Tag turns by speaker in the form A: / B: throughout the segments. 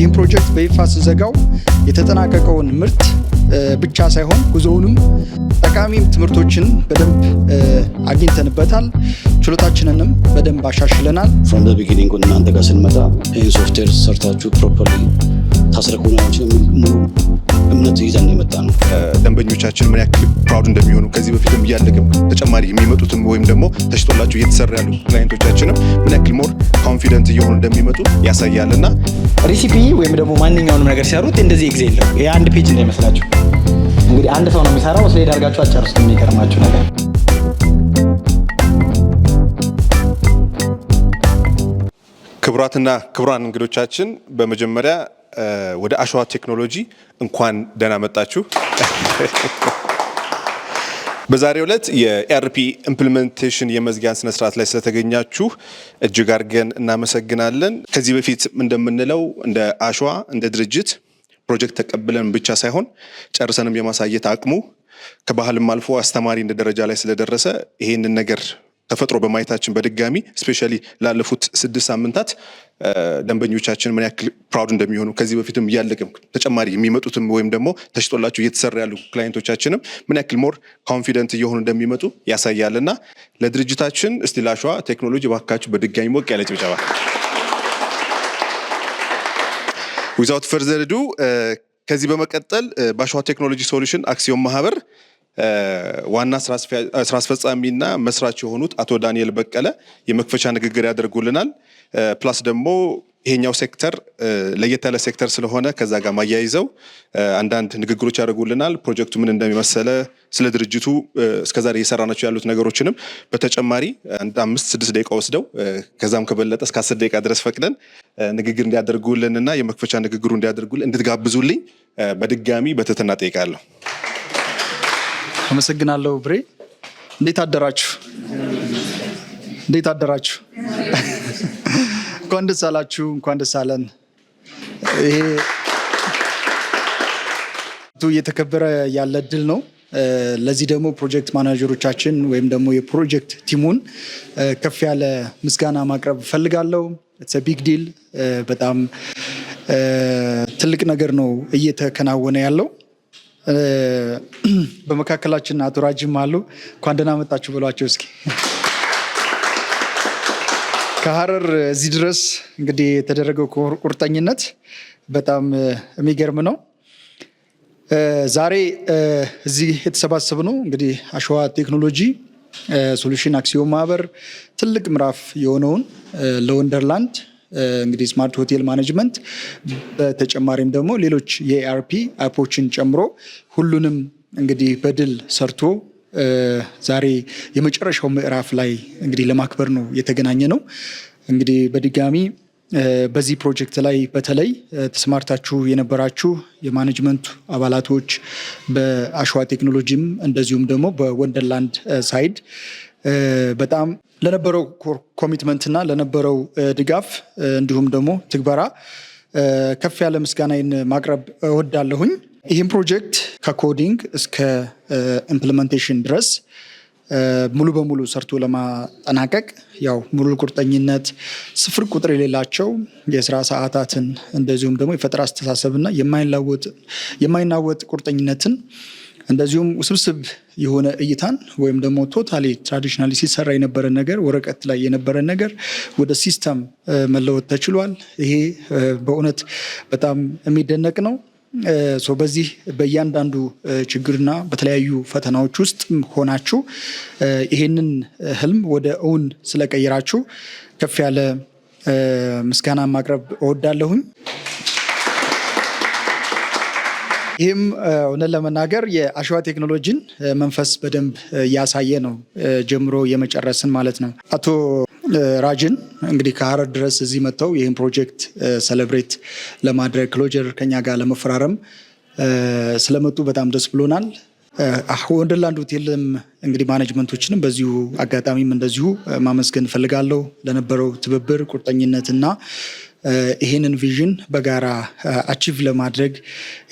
A: ይህን ፕሮጀክት በይፋ ስዘጋው የተጠናቀቀውን ምርት ብቻ ሳይሆን ጉዞውንም ጠቃሚ ትምህርቶችን በደንብ አግኝተንበታል። ችሎታችንንም በደንብ አሻሽለናል። ፍሮም
B: ዘ ቢጊኒንግ እናንተ ጋር ስንመጣ ይህን ሶፍትዌር ሰርታችሁ ፕሮፐርሊ ታስረኩናችን ሙሉ እምነት ይዘን የመጣ
C: ነው። ደንበኞቻችን ምን ያክል ፕራውድ እንደሚሆኑ ከዚህ በፊትም እያለቅም ተጨማሪ የሚመጡትም ወይም ደግሞ ተሽጦላቸው እየተሰራ ያሉ ክላይንቶቻችንም ምን ያክል ሞር ኮንፊደንት እየሆኑ እንደሚመጡ ያሳያል።
A: እና ሪሲፒ ወይም ደግሞ ማንኛውንም ነገር ሲያሩት እንደዚህ ጊዜ የለም። የአንድ ፔጅ እንዳይመስላችሁ እንግዲህ አንድ ሰው ነው የሚሰራው። ስለ ዳርጋችሁ አጨርሱት። የሚገርማችሁ ነገር
D: ክቡራትና ክቡራን እንግዶቻችን በመጀመሪያ ወደ አሸዋ ቴክኖሎጂ እንኳን ደህና መጣችሁ። በዛሬው ዕለት የኢአርፒ ኢምፕሊመንቴሽን የመዝጊያን ስነስርዓት ላይ ስለተገኛችሁ እጅግ አድርገን እናመሰግናለን። ከዚህ በፊት እንደምንለው እንደ አሸዋ እንደ ድርጅት ፕሮጀክት ተቀብለን ብቻ ሳይሆን ጨርሰንም የማሳየት አቅሙ ከባህልም አልፎ አስተማሪ እንደ ደረጃ ላይ ስለደረሰ ይሄንን ነገር ተፈጥሮ በማየታችን በድጋሚ ስፔሻሊ ላለፉት ስድስት ሳምንታት ደንበኞቻችን ምን ያክል ፕራውድ እንደሚሆኑ ከዚህ በፊትም እያለቅም ተጨማሪ የሚመጡትም ወይም ደግሞ ተሽጦላቸው እየተሰራ ያሉ ክላይንቶቻችንም ምን ያክል ሞር ኮንፊደንት እየሆኑ እንደሚመጡ ያሳያል እና ለድርጅታችን እስቲ ላሸዋ ቴክኖሎጂ እባካችሁ በድጋሚ ሞቅ ያለ ጭብጨባ። ዊዛውት ፈርዘርዱ ከዚህ በመቀጠል በአሸዋ ቴክኖሎጂ ሶሉሽን አክሲዮን ማህበር ዋና ስራ አስፈጻሚና መስራች የሆኑት አቶ ዳንኤል በቀለ የመክፈቻ ንግግር ያደርጉልናል። ፕላስ ደግሞ ይሄኛው ሴክተር ለየት ያለ ሴክተር ስለሆነ ከዛ ጋር ማያይዘው አንዳንድ ንግግሮች ያደርጉልናል። ፕሮጀክቱ ምን እንደሚመሰለ ስለ ድርጅቱ እስከዛሬ እየሰራናቸው ያሉት ነገሮችንም በተጨማሪ አንድ አምስት ስድስት ደቂቃ ወስደው ከዛም ከበለጠ እስከ አስር ደቂቃ ድረስ ፈቅደን ንግግር እንዲያደርጉልንና የመክፈቻ ንግግሩ እንዲያደርጉልን እንድትጋብዙልኝ በድጋሚ በትህትና ጠይቃለሁ።
A: አመሰግናለሁ ብሬ። እንዴት አደራችሁ? እንዴት አደራችሁ? እንኳን ደስ አላችሁ፣ እንኳን ደስ አለን። ይሄ እየተከበረ ያለ ድል ነው። ለዚህ ደግሞ ፕሮጀክት ማናጀሮቻችን ወይም ደግሞ የፕሮጀክት ቲሙን ከፍ ያለ ምስጋና ማቅረብ እፈልጋለሁ። ቢግ ዲል በጣም ትልቅ ነገር ነው እየተከናወነ ያለው። በመካከላችን አቶ ራጅም አሉ። እንኳን ደህና መጣችሁ ብሏቸው እስኪ ከሀረር እዚህ ድረስ እንግዲህ የተደረገው ቁርጠኝነት በጣም የሚገርም ነው። ዛሬ እዚህ የተሰባሰብ ነው እንግዲህ አሸዋ ቴክኖሎጂ ሶሉሽን አክሲዮን ማህበር ትልቅ ምዕራፍ የሆነውን ለወንደርላንድ እንግዲህ ስማርት ሆቴል ማኔጅመንት በተጨማሪም ደግሞ ሌሎች የኤአርፒ አፖችን ጨምሮ ሁሉንም እንግዲህ በድል ሰርቶ ዛሬ የመጨረሻው ምዕራፍ ላይ እንግዲህ ለማክበር ነው የተገናኘ ነው። እንግዲህ በድጋሚ በዚህ ፕሮጀክት ላይ በተለይ ተሰማርታችሁ የነበራችሁ የማኔጅመንቱ አባላቶች በአሸዋ ቴክኖሎጂም እንደዚሁም ደግሞ በወንደርላንድ ሳይድ በጣም ለነበረው ኮሚትመንትና ለነበረው ድጋፍ እንዲሁም ደግሞ ትግበራ ከፍ ያለ ምስጋናይን ማቅረብ እወዳለሁኝ። ይህም ፕሮጀክት ከኮዲንግ እስከ ኢምፕሊመንቴሽን ድረስ ሙሉ በሙሉ ሰርቶ ለማጠናቀቅ ያው ሙሉ ቁርጠኝነት፣ ስፍር ቁጥር የሌላቸው የስራ ሰዓታትን እንደዚሁም ደግሞ የፈጠራ አስተሳሰብና የማይናወጥ ቁርጠኝነትን እንደዚሁም ውስብስብ የሆነ እይታን ወይም ደግሞ ቶታሊ ትራዲሽናሊ ሲሰራ የነበረን ነገር ወረቀት ላይ የነበረን ነገር ወደ ሲስተም መለወጥ ተችሏል። ይሄ በእውነት በጣም የሚደነቅ ነው። በዚህ በእያንዳንዱ ችግርና በተለያዩ ፈተናዎች ውስጥ ሆናችሁ ይሄንን ህልም ወደ እውን ስለቀየራችሁ ከፍ ያለ ምስጋና ማቅረብ እወዳለሁኝ። ይህም እውነት ለመናገር የአሸዋ ቴክኖሎጂን መንፈስ በደንብ እያሳየ ነው። ጀምሮ የመጨረስን ማለት ነው። አቶ ራጅን እንግዲህ ከሀረር ድረስ እዚህ መጥተው ይህን ፕሮጀክት ሰለብሬት ለማድረግ ክሎጀር ከኛ ጋር ለመፈራረም ስለመጡ በጣም ደስ ብሎናል። ወንደርላንድ ሆቴልም እንግዲህ ማኔጅመንቶችንም በዚሁ አጋጣሚም እንደዚሁ ማመስገን እፈልጋለሁ ለነበረው ትብብር ቁርጠኝነትና ይህንን ቪዥን በጋራ አቺቭ ለማድረግ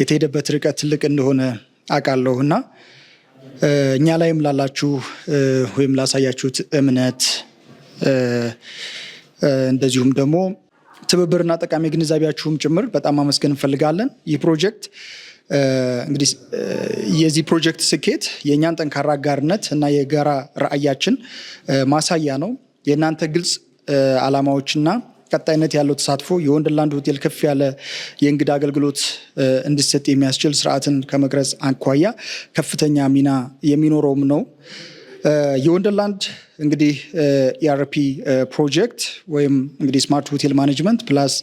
A: የተሄደበት ርቀት ትልቅ እንደሆነ አውቃለሁ እና እኛ ላይም ላላችሁ ወይም ላሳያችሁት እምነት እንደዚሁም ደግሞ ትብብርና ጠቃሚ ግንዛቤያችሁም ጭምር በጣም አመስገን እንፈልጋለን። ይህ ፕሮጀክት እንግዲህ የዚህ ፕሮጀክት ስኬት የእኛን ጠንካራ አጋርነት እና የጋራ ራዕያችን ማሳያ ነው። የእናንተ ግልጽ ዓላማዎችና ቀጣይነት ያለው ተሳትፎ የወንደርላንድ ሆቴል ከፍ ያለ የእንግዳ አገልግሎት እንዲሰጥ የሚያስችል ስርዓትን ከመቅረጽ አኳያ ከፍተኛ ሚና የሚኖረውም ነው። የወንደርላንድ እንግዲህ ኢአርፒ e ፕሮጀክት ወይም እንግዲህ ስማርት ሆቴል ማኔጅመንት ፕላስ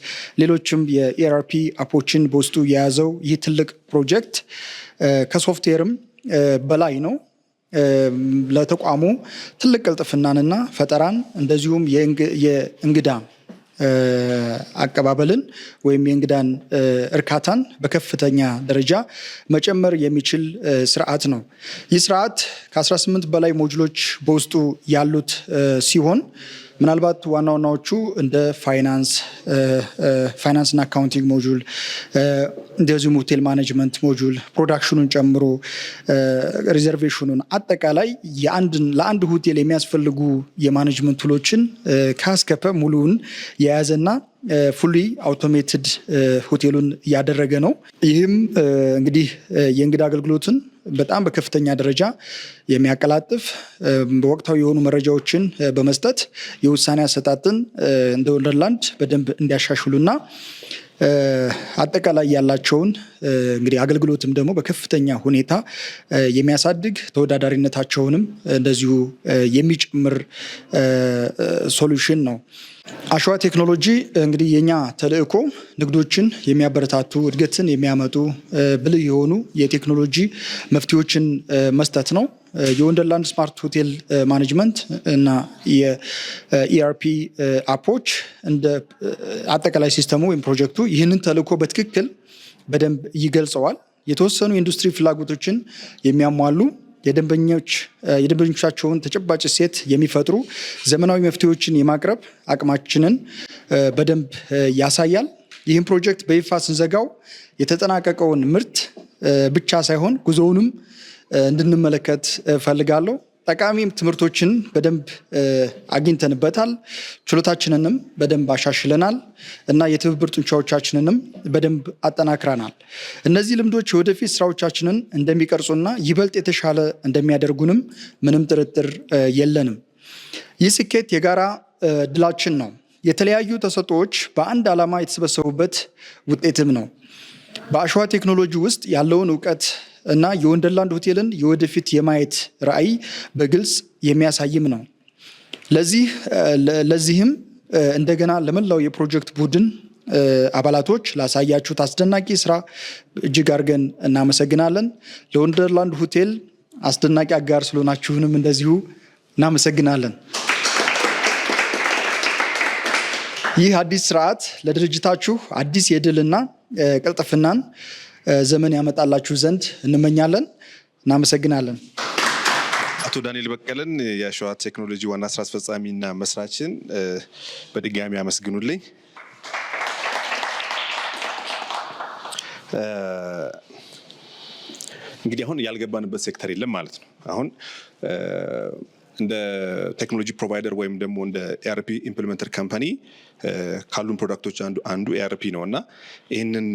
A: ሌሎችም የኢአርፒ አፖችን በውስጡ የያዘው ይህ ትልቅ ፕሮጀክት ከሶፍትዌርም በላይ ነው። ለተቋሙ ትልቅ ቅልጥፍናንና ፈጠራን እንደዚሁም የእንግዳ አቀባበልን ወይም የእንግዳን እርካታን በከፍተኛ ደረጃ መጨመር የሚችል ስርዓት ነው። ይህ ስርዓት ከ18 በላይ ሞጁሎች በውስጡ ያሉት ሲሆን ምናልባት ዋና ዋናዎቹ እንደ ፋይናንስ ፋይናንስና አካውንቲንግ ሞጁል እንደዚሁም ሆቴል ማኔጅመንት ሞጁል ፕሮዳክሽኑን ጨምሮ ሪዘርቬሽኑን አጠቃላይ ለአንድ ሆቴል የሚያስፈልጉ የማኔጅመንት ቱሎችን ካስከፈ ሙሉውን የያዘና ፉሊ አውቶሜትድ ሆቴሉን እያደረገ ነው። ይህም እንግዲህ የእንግዳ አገልግሎትን በጣም በከፍተኛ ደረጃ የሚያቀላጥፍ በወቅታዊ የሆኑ መረጃዎችን በመስጠት የውሳኔ አሰጣጥን እንደ ወንደርላንድ በደንብ እንዲያሻሽሉና አጠቃላይ ያላቸውን እንግዲህ አገልግሎትም ደግሞ በከፍተኛ ሁኔታ የሚያሳድግ ተወዳዳሪነታቸውንም እንደዚሁ የሚጨምር ሶሉሽን ነው። አሸዋ ቴክኖሎጂ እንግዲህ የኛ ተልእኮ ንግዶችን የሚያበረታቱ እድገትን የሚያመጡ ብልህ የሆኑ የቴክኖሎጂ መፍትሄዎችን መስጠት ነው። የወንደርላንድ ስማርት ሆቴል ማኔጅመንት እና የኢአርፒ e አፖች እንደ አጠቃላይ ሲስተሙ ወይም ፕሮጀክቱ ይህንን ተልእኮ በትክክል በደንብ ይገልጸዋል። የተወሰኑ የኢንዱስትሪ ፍላጎቶችን የሚያሟሉ የደንበኞቻቸውን ተጨባጭ ሴት የሚፈጥሩ ዘመናዊ መፍትሄዎችን የማቅረብ አቅማችንን በደንብ ያሳያል። ይህም ፕሮጀክት በይፋ ስንዘጋው የተጠናቀቀውን ምርት ብቻ ሳይሆን ጉዞውንም እንድንመለከት እፈልጋለሁ። ጠቃሚ ትምህርቶችን በደንብ አግኝተንበታል። ችሎታችንንም በደንብ አሻሽለናል እና የትብብር ጡንቻዎቻችንንም በደንብ አጠናክረናል። እነዚህ ልምዶች የወደፊት ስራዎቻችንን እንደሚቀርጹና ይበልጥ የተሻለ እንደሚያደርጉንም ምንም ጥርጥር የለንም። ይህ ስኬት የጋራ ድላችን ነው። የተለያዩ ተሰጥኦዎች በአንድ ዓላማ የተሰበሰቡበት ውጤትም ነው። በአሸዋ ቴክኖሎጂ ውስጥ ያለውን እውቀት እና የወንደርላንድ ሆቴልን የወደፊት የማየት ራዕይ በግልጽ የሚያሳይም ነው። ለዚህ ለዚህም እንደገና ለመላው የፕሮጀክት ቡድን አባላቶች ላሳያችሁት አስደናቂ ስራ እጅግ አድርገን እናመሰግናለን። ለወንደርላንድ ሆቴል አስደናቂ አጋር ስለሆናችሁንም እንደዚሁ እናመሰግናለን። ይህ አዲስ ስርዓት ለድርጅታችሁ አዲስ የድልና ቅልጥፍናን ዘመን ያመጣላችሁ ዘንድ እንመኛለን። እናመሰግናለን።
D: አቶ ዳንኤል በቀለን የሸዋ ቴክኖሎጂ ዋና ስራ አስፈጻሚና መስራችን በድጋሚ አመስግኑልኝ። እንግዲህ አሁን ያልገባንበት ሴክተር የለም ማለት ነው አሁን እንደ ቴክኖሎጂ ፕሮቫይደር ወይም ደግሞ እንደ ኤርፒ ኢምፕሊመንተር ካምፓኒ ካሉን ፕሮዳክቶች አንዱ ኤርፒ ነው እና ይህንን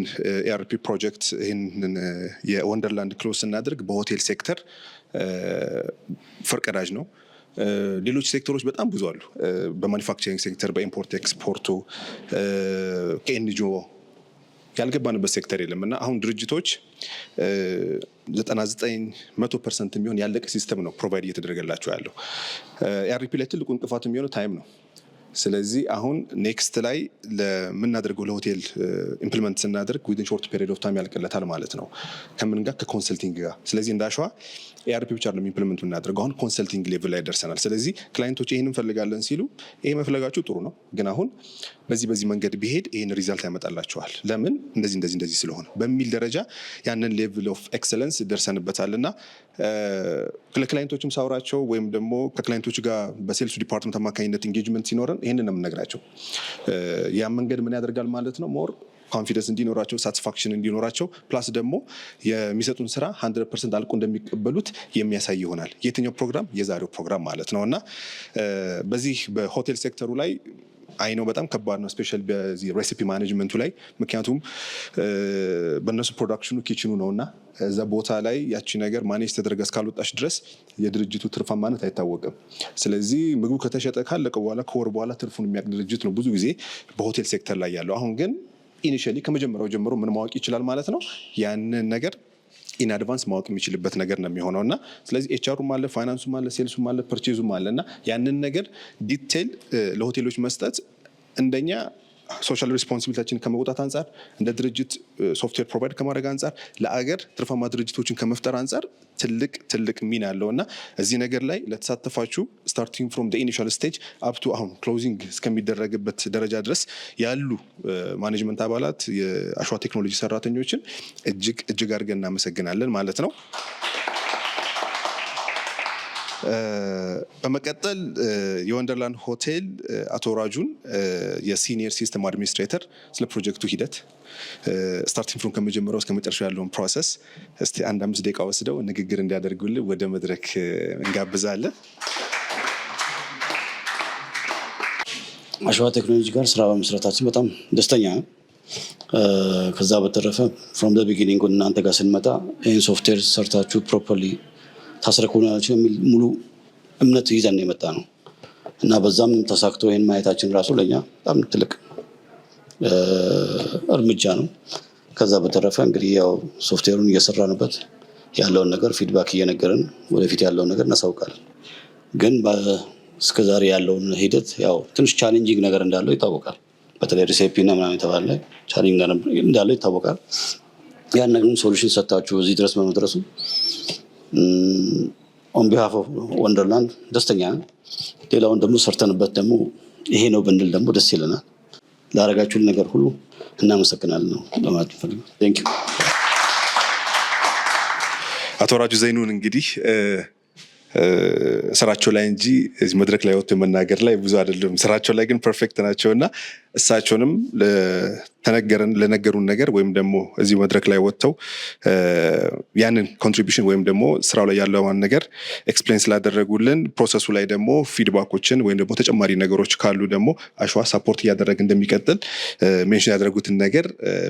D: ኤርፒ ፕሮጀክት ይህንን የወንደርላንድ ክሎ ስናደርግ በሆቴል ሴክተር ፈርቀዳጅ ነው። ሌሎች ሴክተሮች በጣም ብዙ አሉ። በማኒፋክቸሪንግ ሴክተር፣ በኢምፖርት ኤክስፖርቱ፣ ከኤንጂኦ ያልገባንበት ሴክተር የለም እና አሁን ድርጅቶች 99 መቶ ፐርሰንት የሚሆን ያለቀ ሲስተም ነው ፕሮቫይድ እየተደረገላቸው ያለው። ኢአርፒ ላይ ትልቁ እንቅፋት የሚሆነው ታይም ነው። ስለዚህ አሁን ኔክስት ላይ ለምናደርገው ለሆቴል ኢምፕሊመንት ስናደርግ ዊድን ሾርት ፔሪድ ኦፍ ታይም ያልቅለታል ማለት ነው። ከምን ጋር ከኮንሰልቲንግ ጋር። ስለዚህ እንዳሸዋ ኤአርፒ ብቻ አይደለም ኢምፕሊመንቱ እናደርገው አሁን ኮንሰልቲንግ ሌቭል ላይ ደርሰናል። ስለዚህ ክላይንቶች ይህን እንፈልጋለን ሲሉ ይሄ መፍለጋችሁ ጥሩ ነው፣ ግን አሁን በዚህ በዚህ መንገድ ቢሄድ ይህን ሪዛልት ያመጣላቸዋል፣ ለምን እንደዚህ እንደዚህ እንደዚህ ስለሆነ በሚል ደረጃ ያንን ሌቭል ኦፍ ኤክሰለንስ ደርሰንበታል እና ለክላይንቶችም ሳውራቸው ወይም ደግሞ ከክላይንቶች ጋር በሴልሱ ዲፓርትመንት አማካኝነት ኢንጌጅመንት ሲኖረን ይህንን ነው የምንነግራቸው። ያ መንገድ ምን ያደርጋል ማለት ነው ሞር ኮንፊደንስ እንዲኖራቸው፣ ሳትስፋክሽን እንዲኖራቸው ፕላስ ደግሞ የሚሰጡን ስራ ሀንድረድ ፐርሰንት አልቆ እንደሚቀበሉት የሚያሳይ ይሆናል። የትኛው ፕሮግራም? የዛሬው ፕሮግራም ማለት ነው እና በዚህ በሆቴል ሴክተሩ ላይ አይ ነው በጣም ከባድ ነው። ስፔሻል በዚህ ሬሲፒ ማኔጅመንቱ ላይ ምክንያቱም በእነሱ ፕሮዳክሽኑ ኪችኑ ነው እና እዛ ቦታ ላይ ያቺ ነገር ማኔጅ ተደረገ እስካልወጣች ድረስ የድርጅቱ ትርፋማነት አይታወቅም። ስለዚህ ምግቡ ከተሸጠ ካለቀ በኋላ ከወር በኋላ ትርፉን የሚያውቅ ድርጅት ነው ብዙ ጊዜ በሆቴል ሴክተር ላይ ያለው አሁን ግን ኢኒሽሊ ከመጀመሪያው ጀምሮ ምን ማወቅ ይችላል ማለት ነው ያንን ነገር ኢን አድቫንስ ማወቅ የሚችልበት ነገር ነው የሚሆነው እና ስለዚህ ኤችአሩም አለ፣ ፋይናንሱም አለ፣ ሴልሱም አለ፣ ፐርቼዙም አለ እና ያንን ነገር ዲቴል ለሆቴሎች መስጠት እንደኛ ሶሻል ሪስፖንሲቢሊታችን ከመውጣት አንጻር እንደ ድርጅት ሶፍትዌር ፕሮቫይድ ከማድረግ አንጻር ለአገር ትርፋማ ድርጅቶችን ከመፍጠር አንጻር ትልቅ ትልቅ ሚና አለው እና እዚህ ነገር ላይ ለተሳተፋችሁ ስታርቲንግ ፍሮም ኢኒሻል ስቴጅ አፕቱ አሁን ክሎዚንግ እስከሚደረግበት ደረጃ ድረስ ያሉ ማኔጅመንት አባላት የአሸዋ ቴክኖሎጂ ሰራተኞችን እጅግ እጅግ አድርገን እናመሰግናለን ማለት ነው። በመቀጠል የወንደርላንድ ሆቴል አቶ ራጁን የሲኒየር ሲስተም አድሚኒስትሬተር ስለ ፕሮጀክቱ ሂደት ስታርቲንግ ፍሮም ከመጀመሪያው እስከ መጨረሻው ያለውን ፕሮሰስ እስቲ አንድ አምስት ደቂቃ ወስደው ንግግር እንዲያደርጉልን ወደ መድረክ እንጋብዛለን።
B: አሸዋ ቴክኖሎጂ ጋር ስራ በመስራታችን በጣም ደስተኛ ነው። ከዛ በተረፈ ፍሮም ዘ ቢጊኒንግ እናንተ ጋር ስንመጣ ይህን ሶፍትዌር ሰርታችሁ ፕሮፐርሊ ታስረክቡናላችሁ የሚል ሙሉ እምነት ይዘን ነው የመጣ ነው እና በዛም ተሳክቶ ይህን ማየታችን ራሱ ለኛ በጣም ትልቅ እርምጃ ነው። ከዛ በተረፈ እንግዲህ ያው ሶፍትዌሩን እየሰራንበት ያለውን ነገር ፊድባክ እየነገርን ወደፊት ያለውን ነገር እናሳውቃለን። ግን እስከዛሬ ያለውን ሂደት ያው ትንሽ ቻሌንጂንግ ነገር እንዳለው ይታወቃል። በተለይ ሪሴፒ እና ምናምን የተባለ ቻሌንጅ እንዳለው ይታወቃል። ያን ነገርም ሶሉሽን ሰታችሁ እዚህ ድረስ በመድረሱ ኦን ቢሃፍ ኦፍ ወንደርላንድ ደስተኛ ነን። ሌላውን ደግሞ ሰርተንበት ደግሞ ይሄ ነው ብንል ደግሞ ደስ ይለናል። ላረጋችሁን ነገር ሁሉ እናመሰግናለን ነው ለማለት ፈልገ አቶ ራጁ ዘይኑን እንግዲህ ስራቸው ላይ እንጂ እዚህ መድረክ ላይ ወጥቶ የመናገር ላይ ብዙ አይደለም። ስራቸው ላይ ግን ፐርፌክት ናቸው እና እሳቸውንም ተነገረን ለነገሩን ነገር ወይም ደግሞ እዚህ መድረክ ላይ ወጥተው ያንን ኮንትሪቢሽን ወይም ደግሞ ስራው ላይ ያለውን ነገር ኤክስፕሌን ስላደረጉልን ፕሮሰሱ ላይ ደግሞ ፊድባኮችን ወይም ደግሞ ተጨማሪ ነገሮች ካሉ ደግሞ አሸዋ ሳፖርት እያደረግ እንደሚቀጥል ሜንሽን ያደረጉትን ነገር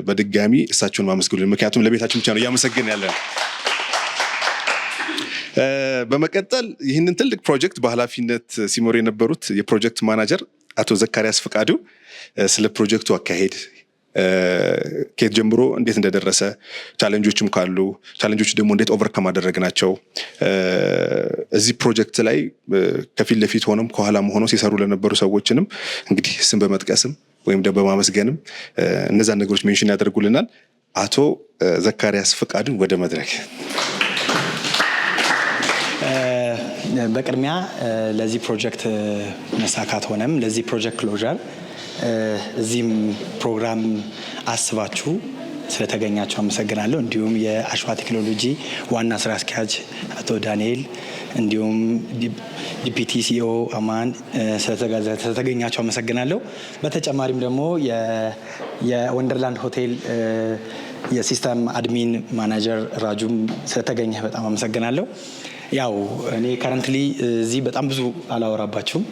B: በድጋሚ እሳቸውን ማመስገሉን ምክንያቱም ለቤታችን ብቻ ነው እያመሰግን ያለ ነው። በመቀጠል ይህንን ትልቅ ፕሮጀክት በኃላፊነት ሲመሩ የነበሩት የፕሮጀክት ማናጀር አቶ ዘካሪያስ ፍቃዱ ስለ ፕሮጀክቱ አካሄድ ከየት ጀምሮ እንዴት እንደደረሰ ቻለንጆችም ካሉ ቻለንጆች ደግሞ እንዴት አደረግ ናቸው። እዚህ ፕሮጀክት ላይ ከፊት ለፊት ሆነም ከኋላም ሆነው ሲሰሩ ለነበሩ ሰዎችንም እንግዲህ ስም በመጥቀስም ወይም ደግሞ በማመስገንም እነዛን ነገሮች ሜንሽን ያደርጉልናል። አቶ ዘካሪያስ ፍቃድን ወደ መድረክ
A: በቅድሚያ ለዚህ ፕሮጀክት መሳካት ሆነም ለዚህ ፕሮጀክት ክሎዥር እዚህም ፕሮግራም አስባችሁ ስለተገኛቸው አመሰግናለሁ። እንዲሁም የአሸዋ ቴክኖሎጂ ዋና ስራ አስኪያጅ አቶ ዳንኤል እንዲሁም ዲፒቲ ሲኦ አማን ስለተገኛቸው አመሰግናለሁ። በተጨማሪም ደግሞ የወንደርላንድ ሆቴል የሲስተም አድሚን ማናጀር ራጁም ስለተገኘ በጣም አመሰግናለሁ። ያው እኔ ከረንትሊ እዚህ በጣም ብዙ አላወራባችሁም።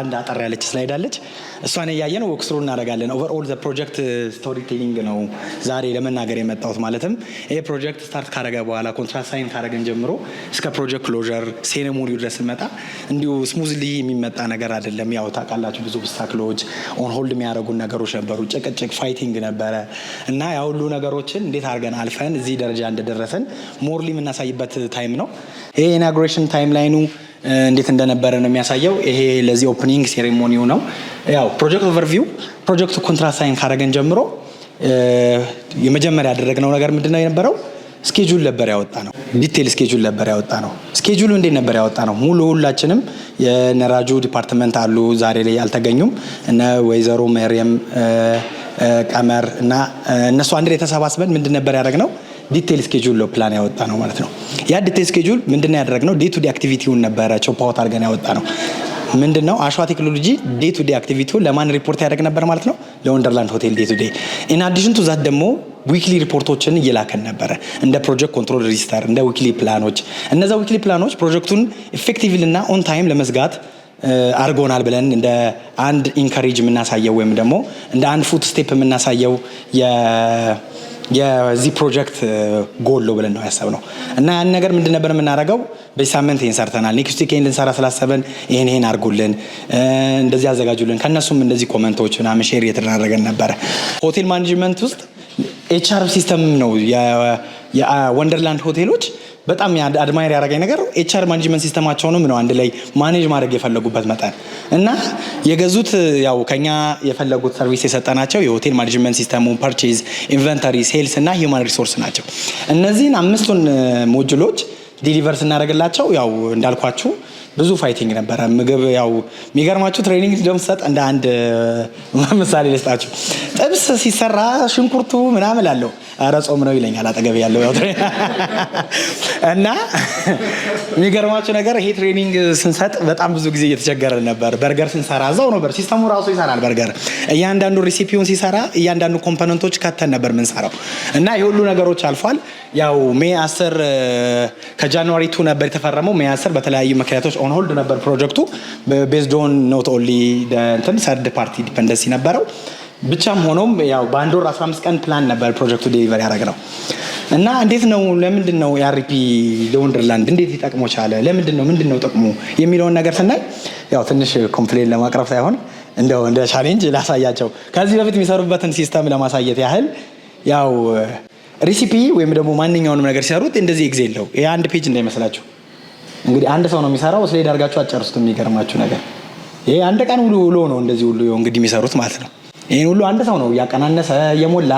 A: አንድ አጠር ያለች ስላይዳለች እሷን እያየን ወክስሩ እናደርጋለን። ኦቨርኦል ፕሮጀክት ስቶሪ ቴሊንግ ነው ዛሬ ለመናገር የመጣሁት። ማለትም ይሄ ፕሮጀክት ስታርት ካረገ በኋላ ኮንትራት ሳይን ካረገን ጀምሮ እስከ ፕሮጀክት ክሎዥር ሴሬሞኒ ድረስ መጣ እንዲሁ ስሙዝሊ የሚመጣ ነገር አይደለም። ያው ታውቃላችሁ ብዙ ብስታክሎች ኦን ሆልድ የሚያደርጉን ነገሮች ነበሩ፣ ጭቅጭቅ ፋይቲንግ ነበረ እና ያ ሁሉ ነገሮችን እንዴት አድርገን አልፈን እዚህ ደረጃ እንደደረሰን ሞርሊ የምናሳይበት ታይም ነው ይሄ ኢናጉሬሽን ታይም ላይኑ እንዴት እንደነበረ ነው የሚያሳየው። ይሄ ለዚህ ኦፕኒንግ ሴሬሞኒው ነው። ያው ፕሮጀክት ኦቨርቪው ፕሮጀክቱ ኮንትራት ሳይን ካረገን ጀምሮ የመጀመሪያ ያደረግነው ነገር ምንድነው የነበረው? ስኬጁል ነበር ያወጣ ነው። ዲቴል ስኬጁል ነበር ያወጣ ነው። ስኬጁሉ እንዴት ነበር ያወጣ ነው? ሙሉ ሁላችንም የነራጁ ዲፓርትመንት አሉ ዛሬ ላይ አልተገኙም። እነ ወይዘሮ መርየም ቀመር እና እነሱ አንድ ላይ ተሰባስበን ምንድን ነበር ያደረግ ነው? ዲቴል ስኬጁል ለው ፕላን ያወጣ ነው ማለት ነው። ያ ዲቴል ስኬጁል ምንድን ነው ያደረግነው? ዴይ ቱ ዴይ አክቲቪቲውን ነበረ ቾፓውት አድርገን ያወጣ ነው። ምንድን ነው አሸዋ ቴክኖሎጂ ዴይ ቱ ዴይ አክቲቪቲውን ለማን ሪፖርት ያደርግ ነበር ማለት ነው? ለወንደርላንድ ሆቴል ዴይ ቱ ዴይ። ኢን አዲሽን ቱ ዛት ደግሞ ዊክሊ ሪፖርቶችን እየላከን ነበረ፣ እንደ ፕሮጀክት ኮንትሮል ሬጂስተር፣ እንደ ዊክሊ ፕላኖች። እነዛ ዊክሊ ፕላኖች ፕሮጀክቱን ኢፌክቲቭሊ እና ኦን ታይም ለመዝጋት አድርጎናል ብለን እንደ አንድ ኢንካሬጅ የምናሳየው ወይም ደግሞ እንደ አንድ ፉት ስቴፕ የምናሳየው የዚህ ፕሮጀክት ጎሎ ብለን ነው ነው እና ያን ነገር ምንድን ነበር የምናደርገው? በዚህ ሳምንት ይህን ሰርተናል፣ ኔክስት ዊክ ይህን ልንሰራ ስላሰብን ይህን ይህን አድርጉልን፣ እንደዚህ አዘጋጁልን። ከእነሱም እንደዚህ ኮመንቶች ምናምን ሼር እየተደረገን ነበረ። ሆቴል ማኔጅመንት ውስጥ ኤችአር ሲስተም ነው የወንደርላንድ ሆቴሎች በጣም አድማይር ያደረገኝ ነገር ኤችአር ማኔጅመንት ሲስተማቸውንም ነው አንድ ላይ ማኔጅ ማድረግ የፈለጉበት መጠን እና የገዙት ያው ከኛ የፈለጉት ሰርቪስ የሰጠ ናቸው የሆቴል ማኔጅመንት ሲስተሙ፣ ፐርቼዝ፣ ኢንቨንተሪ፣ ሴልስ እና ሂውማን ሪሶርስ ናቸው። እነዚህን አምስቱን ሞጁሎች ዲሊቨር ስናደርግላቸው ያው እንዳልኳችሁ ብዙ ፋይቲንግ ነበረ። ምግብ ያው የሚገርማቸው ትሬኒንግ እንደምሰጥ እንደ አንድ ምሳሌ ልስጣቸው። ጥብስ ሲሰራ ሽንኩርቱ ምናምን ላለው ኧረ ጾም ነው ይለኛል አጠገብ ያለው ያው እና የሚገርማቸው ነገር ይሄ ትሬኒንግ ስንሰጥ በጣም ብዙ ጊዜ እየተቸገረን ነበር። በርገር ስንሰራ እዛው ነበር ሲስተሙ ራሱ ይሰራል። በርገር እያንዳንዱ ሪሲፒውን ሲሰራ እያንዳንዱ ኮምፖነንቶች ከተን ነበር ምንሰራው እና የሁሉ ነገሮች አልፏል። ያው ሜ አስር ከጃንዋሪ ቱ ነበር የተፈረመው ሜ አስር በተለያዩ ምክንያቶች ኦን ሆልድ ነበር ፕሮጀክቱ። ቤዝድ ኦን ኖት ኦንሊ እንትን ሰርድ ፓርቲ ዲፐንደንሲ ነበረው። ብቻም ሆኖም ያው በአንድ ወር 15 ቀን ፕላን ነበር ፕሮጀክቱ ዴሊቨር ያደረግ ነው እና እንዴት ነው ለምንድን ነው የአርፒ ለወንደርላንድ እንዴት ሊጠቅሞ ቻለ ለምንድን ነው ምንድን ነው ጥቅሙ የሚለውን ነገር ስናይ ያው ትንሽ ኮምፕሌን ለማቅረብ ሳይሆን እንደው እንደ ቻሌንጅ ላሳያቸው ከዚህ በፊት የሚሰሩበትን ሲስተም ለማሳየት ያህል ያው ሪሲፒ ወይም ደግሞ ማንኛውንም ነገር ሲሰሩት እንደዚህ ጊዜ የለው የአንድ ፔጅ እንዳይመስላችሁ እንግዲህ አንድ ሰው ነው የሚሰራው። ስለ ዳርጋቸው አጨርሱት። የሚገርማችሁ ነገር ይሄ አንድ ቀን ውሎ ውሎ ነው እንደዚህ ሁሉ እንግዲህ የሚሰሩት ማለት ነው። ይህን ሁሉ አንድ ሰው ነው እያቀናነሰ እየሞላ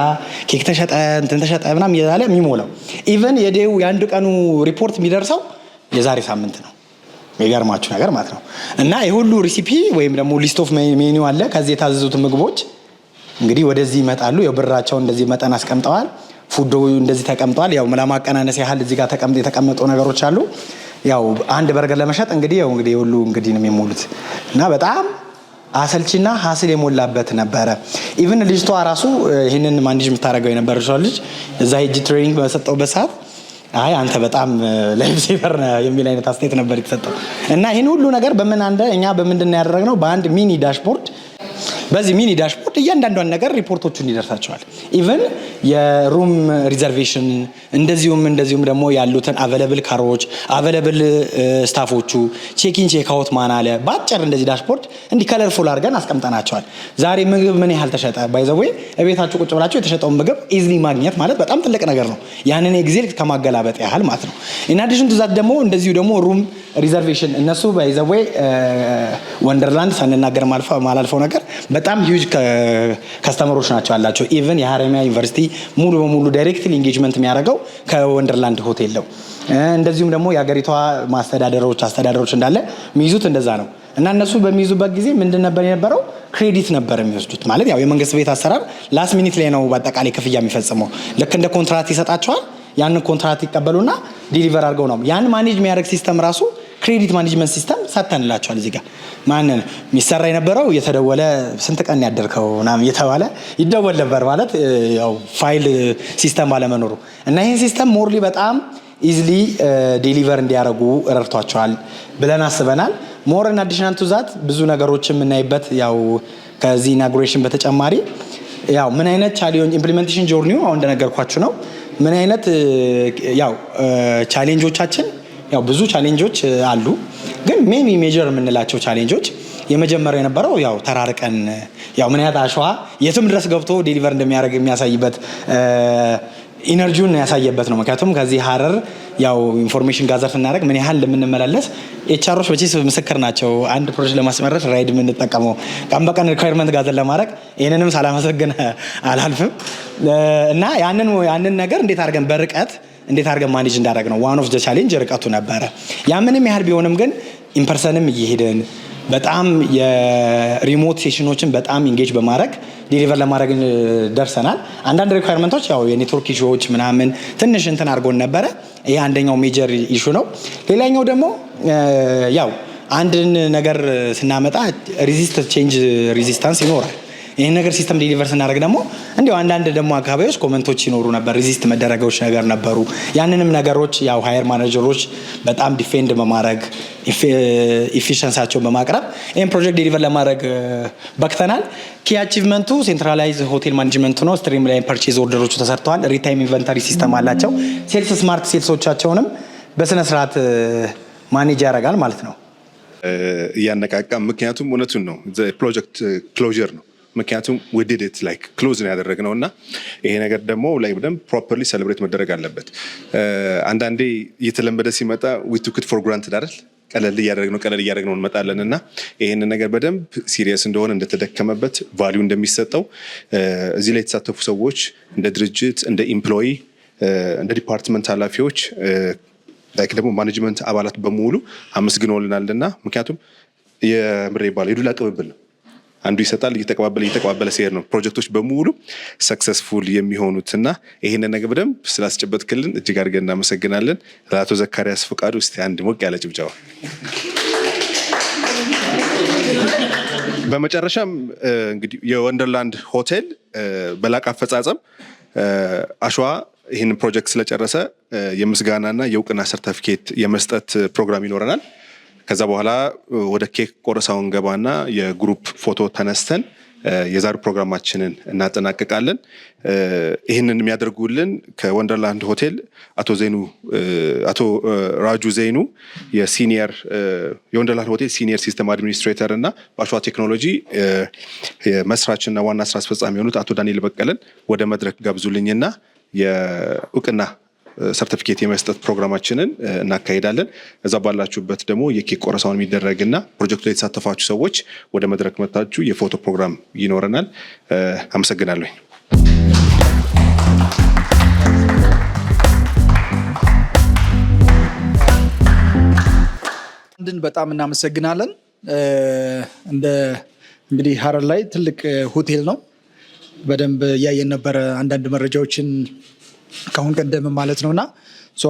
A: ኬክ ተሸጠ እንትን ተሸጠ ምናምን እያለ የሚሞላው። ኢቨን የዴው የአንድ ቀኑ ሪፖርት የሚደርሰው የዛሬ ሳምንት ነው። የሚገርማችሁ ነገር ማለት ነው። እና የሁሉ ሪሲፒ ወይም ደግሞ ሊስት ኦፍ ሜኒው አለ። ከዚህ የታዘዙት ምግቦች እንግዲህ ወደዚህ ይመጣሉ። የብራቸው እንደዚህ መጠን አስቀምጠዋል። ፉዶ እንደዚህ ተቀምጠዋል። ያው ለማቀናነስ ያህል እዚህ ጋር የተቀመጡ ነገሮች አሉ። ያው አንድ በርገር ለመሸጥ እንግዲህ ያው እንግዲህ ሁሉ እንግዲህ ነው የሚሞሉት እና በጣም አሰልቺና ሀስል የሞላበት ነበረ። ኢቭን ልጅቷ ራሱ ይህንን ማንዲጅ የምታደርገው የነበረ ልጅ እዛ ሄጅ ትሬኒንግ በሰጠውበት ሰዓት አይ አንተ በጣም ላይብሴቨር የሚል አይነት አስተያየት ነበር የተሰጠው እና ይህን ሁሉ ነገር በምን አንደ እኛ በምንድን ያደረግነው በአንድ ሚኒ ዳሽቦርድ በዚህ ሚኒ ዳሽቦርድ እያንዳንዷን ነገር ሪፖርቶቹን ይደርሳቸዋል። ኢቨን የሩም ሪዘርቬሽን እንደዚሁም እንደዚሁም ደግሞ ያሉትን አቬለብል ካሮች፣ አቨለብል ስታፎቹ፣ ቼኪን ቼካውት ማን አለ፣ በአጭር እንደዚህ ዳሽቦርድ እንዲህ ከለርፉል አድርገን አስቀምጠናቸዋል። ዛሬ ምግብ ምን ያህል ተሸጠ፣ ባይዘወይ እቤታችሁ ቁጭ ብላችሁ የተሸጠውን ምግብ ኢዝሊ ማግኘት ማለት በጣም ትልቅ ነገር ነው። ያንን ኤግዜል ከማገላበጥ ያህል ማለት ነው። ኢናዲሽን ትዛት ደግሞ እንደዚሁ ደግሞ ሩም ሪዘርቬሽን እነሱ ባይዘወይ ወንደርላንድ ሳንናገር ማላልፈው ነገር በጣም ሂውጅ ከስተመሮች ናቸው ያላቸው። ኢቨን የሀረማያ ዩኒቨርሲቲ ሙሉ በሙሉ ዳይሬክትሊ ኢንጌጅመንት የሚያደርገው ከወንደርላንድ ሆቴል ነው። እንደዚሁም ደግሞ የሀገሪቷ ማስተዳደሮች አስተዳደሮች እንዳለ የሚይዙት እንደዛ ነው እና እነሱ በሚይዙበት ጊዜ ምንድን ነበር የነበረው? ክሬዲት ነበር የሚወስዱት። ማለት ያው የመንግስት ቤት አሰራር ላስት ሚኒት ላይ ነው በአጠቃላይ ክፍያ የሚፈጽመው። ልክ እንደ ኮንትራት ይሰጣቸዋል። ያንን ኮንትራት ይቀበሉና ዲሊቨር አድርገው ነው ያን ማኔጅ የሚያደርግ ሲስተም ራሱ ክሬዲት ማኔጅመንት ሲስተም ሰጥተንላቸዋል። እዚህ ጋር ማንን የሚሰራ የነበረው እየተደወለ ስንት ቀን ያደርከው ምናምን እየተባለ ይደወል ነበር ማለት ያው ፋይል ሲስተም ባለመኖሩ እና ይህን ሲስተም ሞርሊ በጣም ኢዝሊ ዴሊቨር እንዲያደርጉ ረድቷቸዋል ብለን አስበናል። ሞርን አዲሽናል ቱዛት ብዙ ነገሮች የምናይበት ያው ከዚህ ኢናጉሬሽን በተጨማሪ ያው ምን አይነት ቻሌንጅ ኢምፕሊሜንቴሽን ጆርኒው አሁን እንደነገርኳችሁ ነው። ምን አይነት ያው ቻሌንጆቻችን ያው ብዙ ቻሌንጆች አሉ፣ ግን ሜቢ ሜጀር የምንላቸው ቻሌንጆች የመጀመሪያው የነበረው ያው ተራርቀን ያው ምን ያህል አሸዋ የትም ድረስ ገብቶ ዴሊቨር እንደሚያደርግ የሚያሳይበት ኢነርጂውን ያሳየበት ነው። ምክንያቱም ከዚህ ሀረር ያው ኢንፎርሜሽን ጋዘር ስናደርግ ምን ያህል ለምንመላለስ ኤችአሮች በቺስ ምስክር ናቸው። አንድ ፕሮጀክት ለማስመረት ራይድ የምንጠቀመው ቀን በቀን ሪኳርመንት ጋዘር ለማድረግ ይህንንም ሳላመሰግን አላልፍም እና ያንን ነገር እንዴት አድርገን በርቀት እንዴት አድርገን ማኔጅ እንዳደረግ ነው ዋን ኦፍ ዘ ቻሌንጅ ርቀቱ ነበረ። ያ ምንም ያህል ቢሆንም ግን ኢምፐርሰንም እየሄድን በጣም የሪሞት ሴሽኖችን በጣም ኢንጌጅ በማድረግ ዴሊቨር ለማድረግ ደርሰናል። አንዳንድ ሪኳርመንቶች ያው የኔትወርክ ኢሹዎች ምናምን ትንሽ እንትን አድርጎን ነበረ። ይሄ አንደኛው ሜጀር ኢሹ ነው። ሌላኛው ደግሞ ያው አንድን ነገር ስናመጣ ሪዚስት ቼንጅ ሪዚስታንስ ይኖራል። ይህን ነገር ሲስተም ዴሊቨር ስናደርግ ደግሞ እንዲሁ አንዳንድ ደግሞ አካባቢዎች ኮመንቶች ይኖሩ ነበር፣ ሪዚስት መደረገዎች ነገር ነበሩ። ያንንም ነገሮች ያው ሀየር ማናጀሮች በጣም ዲፌንድ በማድረግ ኢፊሽንሳቸውን በማቅረብ ይህን ፕሮጀክት ዴሊቨር ለማድረግ በክተናል። ኪ አቺቭመንቱ ሴንትራላይዝ ሆቴል ማኔጅመንቱ ነው። ስትሪም ላይ ፐርቼዝ ኦርደሮቹ ተሰርተዋል። ሪታይም ኢንቨንታሪ ሲስተም አላቸው። ሴልስ ስማርት ሴልሶቻቸውንም በስነ ስርዓት ማኔጅ ያደርጋል ማለት
D: ነው። እያነቃቃ ምክንያቱም እውነቱን ነው ፕሮጀክት ክሎዥር ነው ምክንያቱም ውድድት ላይ ክሎዝ ነው ያደረግ ነው እና ይሄ ነገር ደግሞ ላይ ብደም ፕሮፐርሊ ሰለብሬት መደረግ አለበት። uh, አንዳንዴ እየተለመደ ሲመጣ ዊ ፎር ግራንትድ አይደል ቀለል እያደረግ ነው ቀለል እያደረግ ነው እንመጣለን እና ይህን ነገር በደንብ ሲሪየስ እንደሆነ እንደተደከመበት ቫሊዩ እንደሚሰጠው uh, እዚህ ላይ የተሳተፉ ሰዎች እንደ ድርጅት፣ እንደ ኢምፕሎይ፣ uh, እንደ ዲፓርትመንት ኃላፊዎች ላይክ ደግሞ ማኔጅመንት አባላት በሙሉ አመስግኖልናል እና ምክንያቱም የምሬ ይባላል የዱላ ቅብብል ነው አንዱ ይሰጣል እየተቀባበለ እየተቀባበለ ሲሄድ ነው ፕሮጀክቶች በሙሉ ሰክሰስፉል የሚሆኑት እና ይህንን ነገር በደንብ ክልን እጅግ አድርገን እናመሰግናለን። ለአቶ ዘካሪያስ ፈቃዱ እስቲ አንድ ሞቅ ያለ ጭብጨባ። በመጨረሻም እንግዲህ የወንደርላንድ ሆቴል በላቅ አፈጻጸም አሸዋ ይህን ፕሮጀክት ስለጨረሰ የምስጋናና የእውቅና ሰርተፊኬት የመስጠት ፕሮግራም ይኖረናል። ከዛ በኋላ ወደ ኬክ ቆረሳውን ገባና የግሩፕ ፎቶ ተነስተን የዛሬ ፕሮግራማችንን እናጠናቅቃለን። ይህንን የሚያደርጉልን ከወንደርላንድ ሆቴል አቶ አቶ ራጁ ዘይኑ የሲኒየር የወንደርላንድ ሆቴል ሲኒየር ሲስተም አድሚኒስትሬተር እና በአሸዋ ቴክኖሎጂ መስራችና ዋና ስራ አስፈጻሚ የሆኑት አቶ ዳንኤል በቀለን ወደ መድረክ ጋብዙልኝና የእውቅና ሰርቲፊኬት የመስጠት ፕሮግራማችንን እናካሄዳለን። እዛ ባላችሁበት ደግሞ የኬክ ቆረሳውን የሚደረግና ፕሮጀክቱ ላይ የተሳተፋችሁ ሰዎች ወደ መድረክ መታችሁ የፎቶ ፕሮግራም ይኖረናል። አመሰግናለኝ።
A: አንድን በጣም እናመሰግናለን። እንደ እንግዲህ ሀረር ላይ ትልቅ ሆቴል ነው። በደንብ እያየን ነበረ አንዳንድ መረጃዎችን ከአሁን ቀደም ማለት ነውና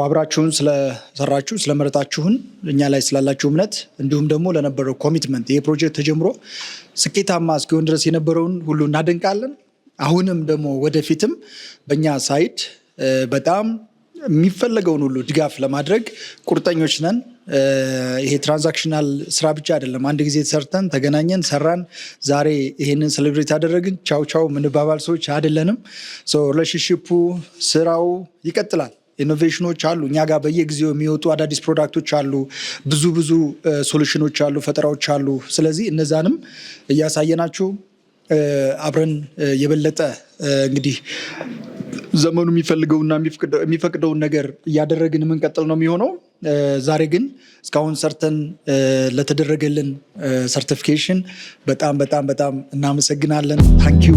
A: አብራችሁን ስለሰራችሁ ስለመረጣችሁን፣ እኛ ላይ ስላላችሁ እምነት እንዲሁም ደግሞ ለነበረው ኮሚትመንት ይህ ፕሮጀክት ተጀምሮ ስኬታማ እስኪሆን ድረስ የነበረውን ሁሉ እናደንቃለን። አሁንም ደግሞ ወደፊትም በእኛ ሳይድ በጣም የሚፈለገውን ሁሉ ድጋፍ ለማድረግ ቁርጠኞች ነን። ይሄ ትራንዛክሽናል ስራ ብቻ አይደለም። አንድ ጊዜ ሰርተን ተገናኘን፣ ሰራን፣ ዛሬ ይሄንን ሴሌብሬት አደረግን፣ ቻው ቻው ምንባባል ሰዎች አይደለንም። ሪሌሽንሽፑ ስራው ይቀጥላል። ኢኖቬሽኖች አሉ። እኛ ጋር በየጊዜው የሚወጡ አዳዲስ ፕሮዳክቶች አሉ። ብዙ ብዙ ሶሉሽኖች አሉ፣ ፈጠራዎች አሉ። ስለዚህ እነዛንም እያሳየናችሁ አብረን የበለጠ እንግዲህ ዘመኑ የሚፈልገውና የሚፈቅደውን ነገር እያደረግን የምንቀጥል ነው የሚሆነው። ዛሬ ግን እስካሁን ሰርተን ለተደረገልን ሰርቲፊኬሽን በጣም በጣም በጣም እናመሰግናለን። ታንኪዩ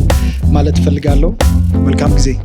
A: ማለት እፈልጋለሁ። መልካም ጊዜ